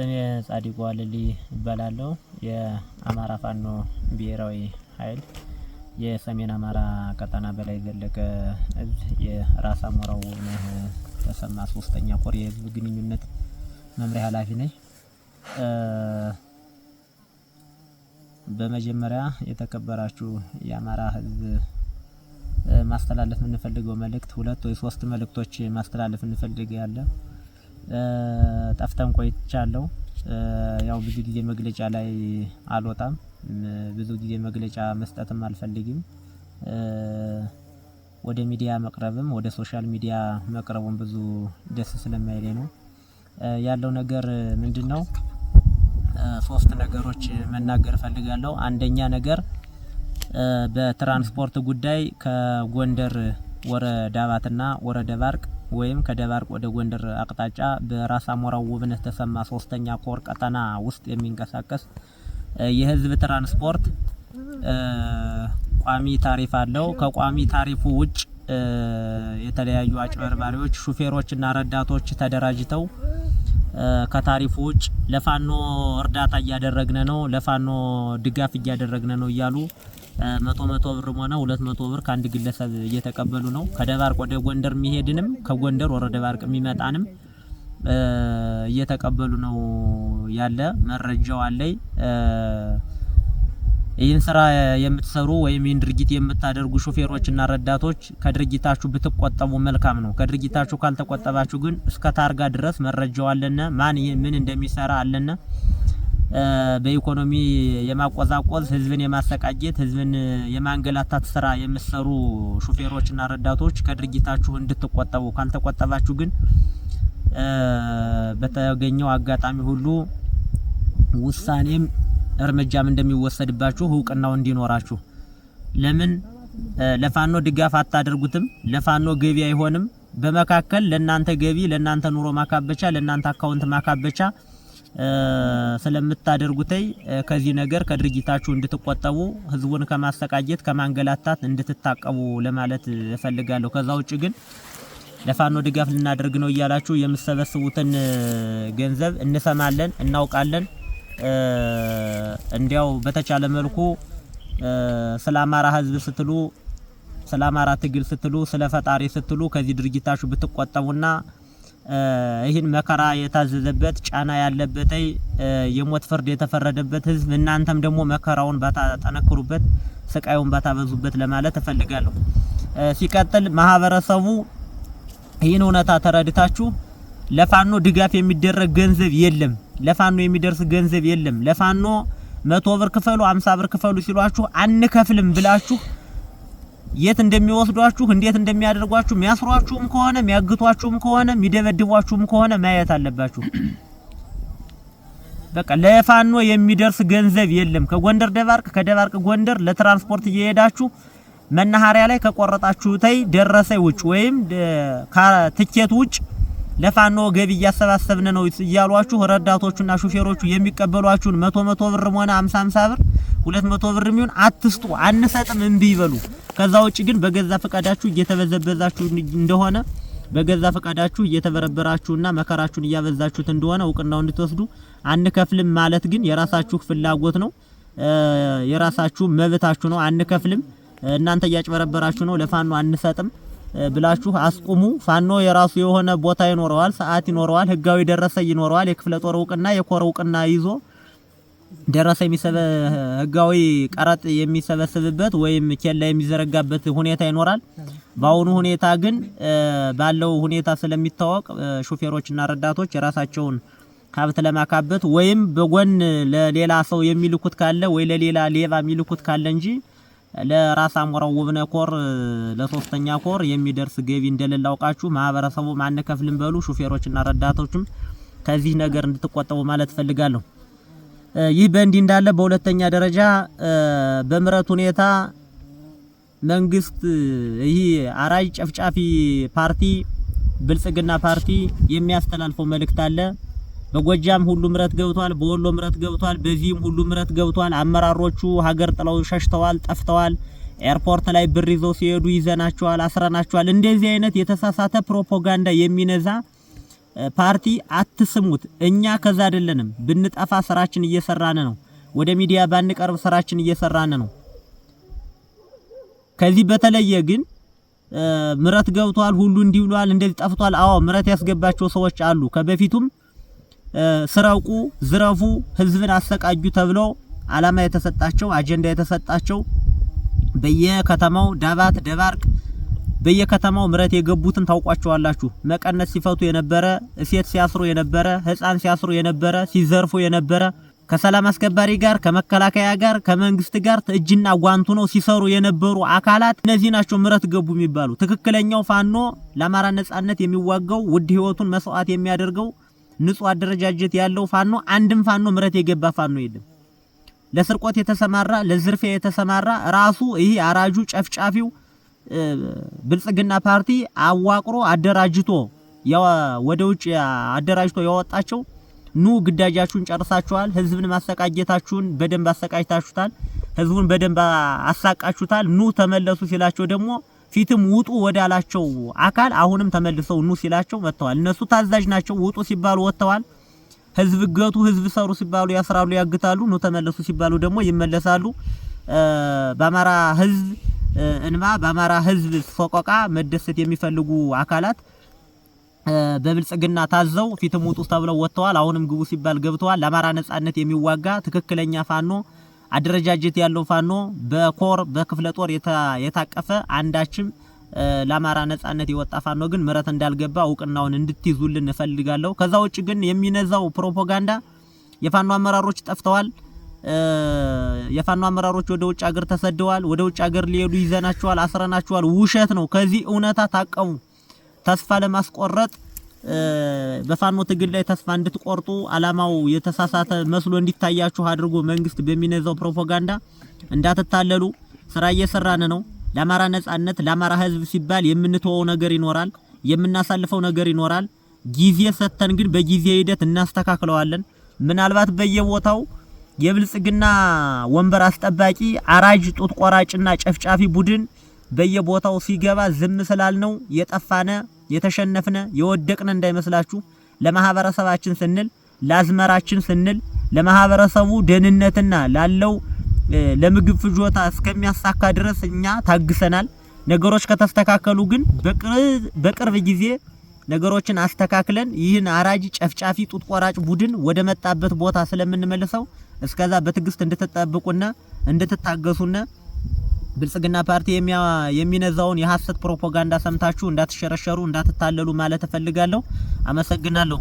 ስሜ ጻዲቁ አልሊ እባላለሁ። የአማራ ፋኖ ብሔራዊ ኃይል የሰሜን አማራ ቀጠና በላይ ዘለቀ እዝ የራስ አሞራው ውብነህ ተሰማ ሶስተኛ ኮር የህዝብ ግንኙነት መምሪያ ኃላፊ ነኝ። በመጀመሪያ የተከበራችሁ የአማራ ህዝብ ማስተላለፍ የምንፈልገው መልእክት ሁለት ወይ ሶስት መልእክቶች ማስተላለፍ እንፈልጋለን። ጠፍተን ቆይቻለሁ። ያው ብዙ ጊዜ መግለጫ ላይ አልወጣም ብዙ ጊዜ መግለጫ መስጠትም አልፈልግም። ወደ ሚዲያ መቅረብም ወደ ሶሻል ሚዲያ መቅረቡም ብዙ ደስ ስለማይሌ ነው። ያለው ነገር ምንድነው? ሶስት ነገሮች መናገር እፈልጋለሁ። አንደኛ ነገር በትራንስፖርት ጉዳይ ከጎንደር ወረ ዳባትና ወረ ደባርቅ ወይም ከደባርቅ ወደ ጎንደር አቅጣጫ በራስ አሞራው ውብነህ ተሰማ ሶስተኛ ኮር ቀጠና ውስጥ የሚንቀሳቀስ የህዝብ ትራንስፖርት ቋሚ ታሪፍ አለው። ከቋሚ ታሪፉ ውጭ የተለያዩ አጭበርባሪዎች፣ እና ረዳቶች ተደራጅተው ከታሪፉ ውጭ ለፋኖ እርዳታ እያደረግነ ነው፣ ለፋኖ ድጋፍ እያደረግነ ነው እያሉ መቶ መቶ ብርም ሆነ ሁለት መቶ ብር ከአንድ ግለሰብ እየተቀበሉ ነው። ከደባርቅ ወደ ጎንደር የሚሄድንም ከጎንደር ወደ ደባርቅ የሚመጣንም እየተቀበሉ ነው ያለ መረጃው አለኝ። ይህን ስራ የምትሰሩ ወይም ይህን ድርጊት የምታደርጉ ሹፌሮችና ረዳቶች ከድርጊታችሁ ብትቆጠቡ መልካም ነው። ከድርጊታችሁ ካልተቆጠባችሁ ግን እስከ ታርጋ ድረስ መረጃው አለና ማን ምን እንደሚሰራ አለና በኢኮኖሚ የማቆዛቆዝ ህዝብን የማሰቃጀት ህዝብን የማንገላታት ስራ የምትሰሩ ሹፌሮችና ረዳቶች ከድርጊታችሁ እንድትቆጠቡ፣ ካልተቆጠባችሁ ግን በተገኘው አጋጣሚ ሁሉ ውሳኔም እርምጃም እንደሚወሰድባችሁ እውቅናው እንዲኖራችሁ። ለምን ለፋኖ ድጋፍ አታደርጉትም? ለፋኖ ገቢ አይሆንም። በመካከል ለእናንተ ገቢ፣ ለእናንተ ኑሮ ማካበቻ፣ ለእናንተ አካውንት ማካበቻ ስለምታደርጉትይ ከዚህ ነገር ከድርጅታችሁ እንድትቆጠቡ ህዝቡን ከማሰቃጀት ከማንገላታት እንድትታቀቡ ለማለት እፈልጋለሁ። ከዛ ውጭ ግን ለፋኖ ድጋፍ ልናደርግ ነው እያላችሁ የምሰበስቡትን ገንዘብ እንሰማለን፣ እናውቃለን። እንዲያው በተቻለ መልኩ ስለ አማራ ህዝብ ስትሉ ስለ አማራ ትግል ስትሉ ስለ ፈጣሪ ስትሉ ከዚህ ድርጅታችሁ ብትቆጠቡና ይህን መከራ የታዘዘበት ጫና ያለበት የሞት ፍርድ የተፈረደበት ህዝብ እናንተም ደግሞ መከራውን ባታጠነክሩበት ስቃዩን ባታበዙበት ለማለት እፈልጋለሁ። ሲቀጥል ማህበረሰቡ ይህን እውነታ ተረድታችሁ ለፋኖ ድጋፍ የሚደረግ ገንዘብ የለም፣ ለፋኖ የሚደርስ ገንዘብ የለም፣ ለፋኖ መቶ ብር ክፈሉ፣ አምሳ ብር ክፈሉ ሲሏችሁ አንከፍልም ብላችሁ የት እንደሚወስዷችሁ እንዴት እንደሚያደርጓችሁ የሚያስሯችሁም ከሆነ የሚያግቷችሁም ከሆነ የሚደበድቧችሁም ከሆነ ማየት አለባችሁ። በቃ ለፋኖ የሚደርስ ገንዘብ የለም። ከጎንደር ደባርቅ፣ ከደባርቅ ጎንደር ለትራንስፖርት እየሄዳችሁ መናኸሪያ ላይ ከቆረጣችሁ ተይ ደረሰ ውጭ ወይም ትኬት ውጭ ለፋኖ ገቢ እያሰባሰብን ነው እያሏችሁ ረዳቶቹና ሹፌሮቹ የሚቀበሏችሁን መቶ መቶ ብር ሆነ 50 50 ብር 200 ብር የሚሆን አትስጡ፣ አንሰጥም፣ እምቢ ይበሉ። ከዛ ውጭ ግን በገዛ ፈቃዳችሁ እየተበዘበዛችሁ እንደሆነ በገዛ ፈቃዳችሁ እየተበረበራችሁና መከራችሁን እያበዛችሁት እንደሆነ እውቅናው እንድትወስዱ አንከፍልም ማለት ግን የራሳችሁ ፍላጎት ነው፣ የራሳችሁ መብታችሁ ነው። አንከፍልም እናንተ እያጭበረበራችሁ ነው፣ ለፋኖ አንሰጥም ብላችሁ አስቁሙ። ፋኖ የራሱ የሆነ ቦታ ይኖረዋል፣ ሰዓት ይኖረዋል፣ ህጋዊ ደረሰ ይኖረዋል። የክፍለ ጦር እውቅና፣ የኮር እውቅና ይዞ ደረሰ የሚሰበ ህጋዊ ቀረጥ የሚሰበስብበት ወይም ኬላ የሚዘረጋበት ሁኔታ ይኖራል። በአሁኑ ሁኔታ ግን ባለው ሁኔታ ስለሚታወቅ ሹፌሮችና ረዳቶች የራሳቸውን ሀብት ለማካበት ወይም በጎን ለሌላ ሰው የሚልኩት ካለ ወይ ለሌላ ሌባ የሚልኩት ካለ እንጂ ለራስ አሞራው ውብነህ ኮር ለሶስተኛ ኮር የሚደርስ ገቢ እንደሌለ አውቃችሁ ማህበረሰቡ ማንከፍልም በሉ ሹፌሮችና ረዳቶችም ከዚህ ነገር እንድትቆጠቡ ማለት ፈልጋለሁ። ይህ በእንዲህ እንዳለ በሁለተኛ ደረጃ በምረት ሁኔታ መንግስት ይህ አራጅ ጨፍጫፊ ፓርቲ ብልጽግና ፓርቲ የሚያስተላልፈው መልእክት አለ። በጎጃም ሁሉ ምረት ገብቷል፣ በወሎ ምረት ገብቷል፣ በዚህም ሁሉ ምረት ገብቷል። አመራሮቹ ሀገር ጥለው ሸሽተዋል፣ ጠፍተዋል። ኤርፖርት ላይ ብር ይዘው ሲሄዱ ይዘናቸዋል፣ አስረናቸዋል። እንደዚህ አይነት የተሳሳተ ፕሮፓጋንዳ የሚነዛ ፓርቲ አትስሙት። እኛ ከዛ አይደለንም። ብንጠፋ ስራችን እየሰራን ነው። ወደ ሚዲያ ባንቀርብ ስራችን እየሰራን ነው። ከዚህ በተለየ ግን ምረት ገብቷል፣ ሁሉ እንዲህ ብሏል፣ እንደዚህ ጠፍቷል። አዎ ምረት ያስገባቸው ሰዎች አሉ ከበፊቱም ስረቁ፣ ዝረፉ፣ ህዝብን አሰቃጁ ተብሎ አላማ የተሰጣቸው አጀንዳ የተሰጣቸው በየከተማው ዳባት፣ ደባርቅ በየከተማው ምረት የገቡትን ታውቋቸዋላችሁ። መቀነት ሲፈቱ የነበረ እሴት ሲያስሩ የነበረ ህፃን ሲያስሩ የነበረ ሲዘርፉ የነበረ ከሰላም አስከባሪ ጋር ከመከላከያ ጋር ከመንግስት ጋር እጅና ጓንቱ ነው ሲሰሩ የነበሩ አካላት እነዚህ ናቸው። ምረት ገቡ የሚባሉ ትክክለኛው ፋኖ ለአማራ ነጻነት የሚዋጋው ውድ ህይወቱን መስዋዕት የሚያደርገው ንጹህ አደረጃጀት ያለው ፋኖ አንድም ፋኖ ምረት የገባ ፋኖ የለም። ለስርቆት የተሰማራ ለዝርፊያ የተሰማራ ራሱ ይሄ አራጁ ጨፍጫፊው ብልጽግና ፓርቲ አዋቅሮ አደራጅቶ ወደ ውጭ አደራጅቶ ያወጣቸው ኑ ግዳጃችሁን ጨርሳችኋል፣ ህዝብን ማሰቃጀታችሁን በደንብ አሰቃይታችሁታል፣ ህዝቡን በደንብ አሳቃችሁታል፣ ኑ ተመለሱ ሲላቸው ደግሞ ፊትም ውጡ ወዳላቸው አካል አሁንም ተመልሰው ኑ ሲላቸው መጥተዋል። እነሱ ታዛዥ ናቸው። ውጡ ሲባሉ ወጥተዋል። ህዝብ ገቱ፣ ህዝብ ሰሩ ሲባሉ ያስራሉ፣ ያግታሉ። ኑ ተመለሱ ሲባሉ ደግሞ ይመለሳሉ። በአማራ ህዝብ እንባ፣ በአማራ ህዝብ ሰቆቃ መደሰት የሚፈልጉ አካላት በብልጽግና ታዘው ፊትም ውጡ ተብለው ወጥተዋል። አሁንም ግቡ ሲባል ገብተዋል። ለአማራ ነጻነት የሚዋጋ ትክክለኛ ፋኖ አደረጃጀት ያለው ፋኖ በኮር በክፍለ ጦር የታቀፈ አንዳችም ለአማራ ነጻነት የወጣ ፋኖ ግን ምረት እንዳልገባ እውቅናውን እንድትይዙልን እፈልጋለሁ። ከዛ ውጭ ግን የሚነዛው ፕሮፓጋንዳ የፋኖ አመራሮች ጠፍተዋል፣ የፋኖ አመራሮች ወደ ውጭ ሀገር ተሰደዋል፣ ወደ ውጭ ሀገር ሊሄዱ ይዘናቸዋል፣ አስረናቸዋል፣ ውሸት ነው። ከዚህ እውነታ ታቀሙ። ተስፋ ለማስቆረጥ በፋኖ ትግል ላይ ተስፋ እንድትቆርጡ አላማው የተሳሳተ መስሎ እንዲታያችሁ አድርጎ መንግስት በሚነዛው ፕሮፓጋንዳ እንዳትታለሉ። ስራ እየሰራን ነው። ለአማራ ነጻነት፣ ለአማራ ህዝብ ሲባል የምንተወው ነገር ይኖራል፣ የምናሳልፈው ነገር ይኖራል። ጊዜ ሰጥተን ግን በጊዜ ሂደት እናስተካክለዋለን። ምናልባት በየቦታው የብልጽግና ወንበር አስጠባቂ አራጅ፣ ጡት ቆራጭና ጨፍጫፊ ቡድን በየቦታው ሲገባ ዝም ስላል ነው የጠፋነ የተሸነፍነ የወደቅነ እንዳይመስላችሁ። ለማህበረሰባችን ስንል ለአዝመራችን ስንል ለማህበረሰቡ ደህንነትና ላለው ለምግብ ፍጆታ እስከሚያሳካ ድረስ እኛ ታግሰናል። ነገሮች ከተስተካከሉ ግን በቅርብ ጊዜ ነገሮችን አስተካክለን ይህን አራጅ ጨፍጫፊ ጡት ቆራጭ ቡድን ወደ መጣበት ቦታ ስለምንመልሰው እስከዛ በትዕግስት እንድትጠብቁና እንድትታገሱና ብልጽግና ፓርቲ የሚነዛውን የሐሰት ፕሮፓጋንዳ ሰምታችሁ እንዳትሸረሸሩ፣ እንዳትታለሉ ማለት እፈልጋለሁ። አመሰግናለሁ።